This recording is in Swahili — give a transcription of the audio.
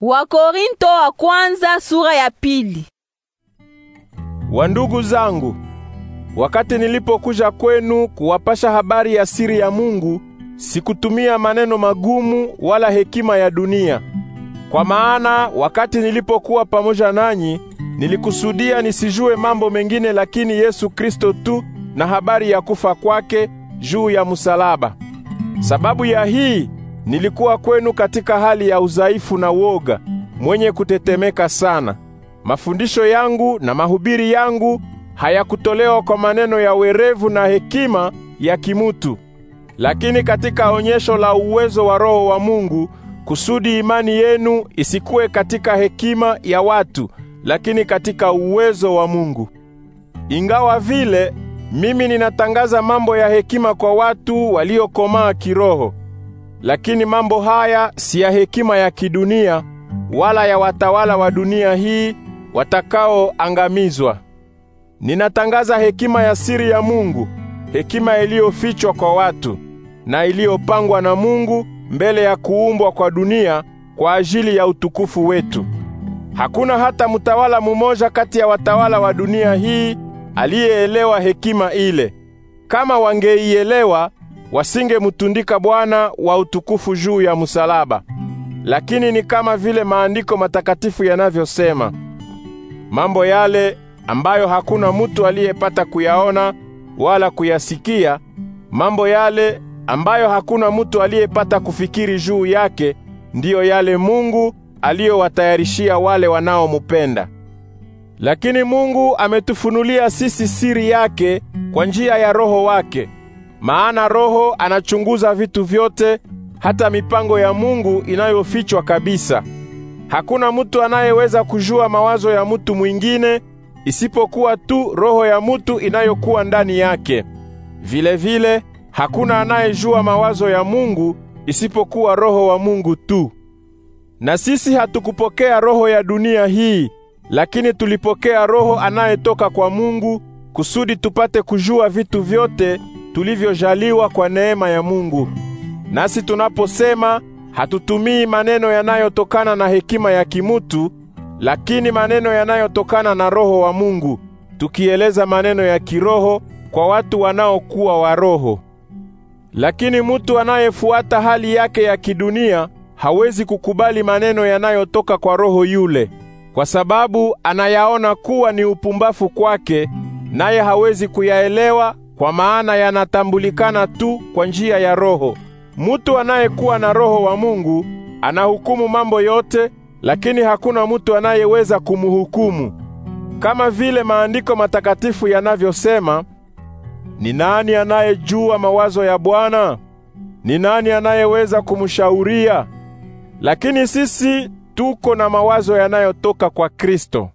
Wakorinto wa kwanza sura ya pili. Wandugu zangu, wakati nilipokuja kwenu kuwapasha habari ya siri ya Mungu, sikutumia maneno magumu wala hekima ya dunia. Kwa maana wakati nilipokuwa pamoja nanyi, nilikusudia nisijue mambo mengine lakini Yesu Kristo tu na habari ya kufa kwake juu ya msalaba. Sababu ya hii Nilikuwa kwenu katika hali ya udhaifu na woga, mwenye kutetemeka sana. Mafundisho yangu na mahubiri yangu hayakutolewa kwa maneno ya werevu na hekima ya kimutu, lakini katika onyesho la uwezo wa Roho wa Mungu, kusudi imani yenu isikuwe katika hekima ya watu, lakini katika uwezo wa Mungu. Ingawa vile mimi ninatangaza mambo ya hekima kwa watu waliokomaa kiroho lakini mambo haya si ya hekima ya kidunia wala ya watawala wa dunia hii watakaoangamizwa. Ninatangaza hekima ya siri ya Mungu, hekima iliyofichwa kwa watu na iliyopangwa na Mungu mbele ya kuumbwa kwa dunia kwa ajili ya utukufu wetu. Hakuna hata mtawala mmoja kati ya watawala wa dunia hii aliyeelewa hekima ile. Kama wangeielewa, wasingemutundika Bwana wa utukufu juu ya musalaba. Lakini ni kama vile maandiko matakatifu yanavyosema, mambo yale ambayo hakuna mutu aliyepata kuyaona wala kuyasikia, mambo yale ambayo hakuna mutu aliyepata kufikiri juu yake, ndiyo yale Mungu aliyowatayarishia wale wanaomupenda. Lakini Mungu ametufunulia sisi siri yake kwa njia ya Roho wake maana Roho anachunguza vitu vyote, hata mipango ya Mungu inayofichwa kabisa. Hakuna mutu anayeweza kujua mawazo ya mutu mwingine isipokuwa tu roho ya mutu inayokuwa ndani yake. vile vile, hakuna anayejua mawazo ya Mungu isipokuwa roho wa Mungu tu. Na sisi hatukupokea roho ya dunia hii, lakini tulipokea roho anayetoka kwa Mungu kusudi tupate kujua vitu vyote tulivyojaliwa kwa neema ya Mungu. Nasi tunaposema hatutumii maneno yanayotokana na hekima ya kimutu, lakini maneno yanayotokana na Roho wa Mungu, tukieleza maneno ya kiroho kwa watu wanaokuwa wa roho. Lakini mutu anayefuata hali yake ya kidunia hawezi kukubali maneno yanayotoka kwa roho yule, kwa sababu anayaona kuwa ni upumbafu kwake, naye hawezi kuyaelewa kwa maana yanatambulikana tu kwa njia ya Roho. Mutu anayekuwa na Roho wa Mungu anahukumu mambo yote, lakini hakuna mutu anayeweza kumhukumu. Kama vile maandiko matakatifu yanavyosema, ni nani anayejua mawazo ya Bwana? Ni nani anayeweza kumshauria? Lakini sisi tuko na mawazo yanayotoka kwa Kristo.